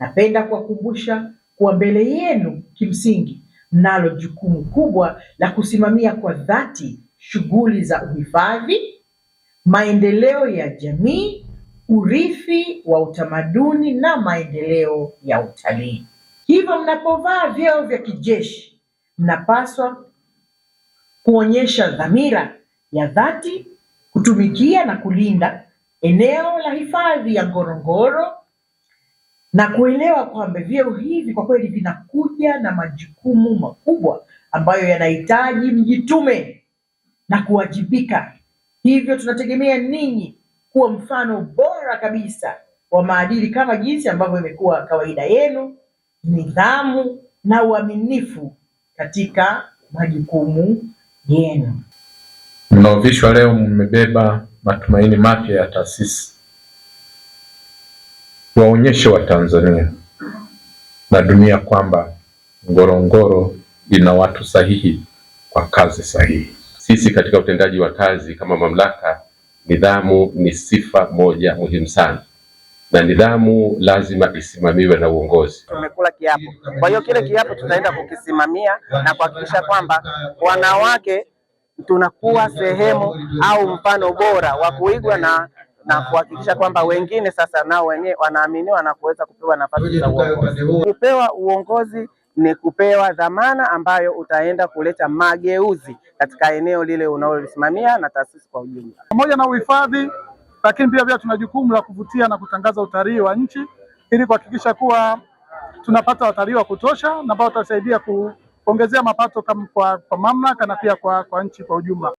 Napenda kuwakumbusha kuwa mbele yenu kimsingi mnalo jukumu kubwa la kusimamia kwa dhati shughuli za uhifadhi, maendeleo ya jamii, urithi wa utamaduni na maendeleo ya utalii. Hivyo, mnapovaa vyeo vya kijeshi, mnapaswa kuonyesha dhamira ya dhati kutumikia na kulinda eneo la hifadhi ya Ngorongoro na kuelewa kwamba vyeo hivi kwa kweli vinakuja na majukumu makubwa ambayo yanahitaji mjitume na kuwajibika. Hivyo tunategemea ninyi kuwa mfano bora kabisa wa maadili kama jinsi ambavyo imekuwa kawaida yenu, nidhamu na uaminifu katika majukumu yenu. Mnaovishwa leo mmebeba matumaini mapya ya taasisi waonyeshe Watanzania na dunia kwamba Ngorongoro ina watu sahihi kwa kazi sahihi. Sisi katika utendaji wa kazi kama mamlaka, nidhamu ni sifa moja muhimu sana, na nidhamu lazima isimamiwe na uongozi. Tumekula kiapo, kwa hiyo kile kiapo tutaenda kukisimamia na kuhakikisha kwamba wanawake tunakuwa sehemu au mfano bora wa kuigwa na na kuhakikisha kwamba wengine sasa nao wenyewe wanaaminiwa na kuweza kupewa nafasi za uongozi. Kupewa uongozi ni kupewa dhamana ambayo utaenda kuleta mageuzi katika eneo lile unalolisimamia na taasisi kwa ujumla, pamoja na uhifadhi. Lakini pia pia tuna jukumu la kuvutia na kutangaza utalii wa nchi ili kuhakikisha kuwa tunapata watalii wa kutosha na ambao watasaidia kuongezea mapato kwa, kwa mamlaka na pia kwa, kwa nchi kwa ujumla.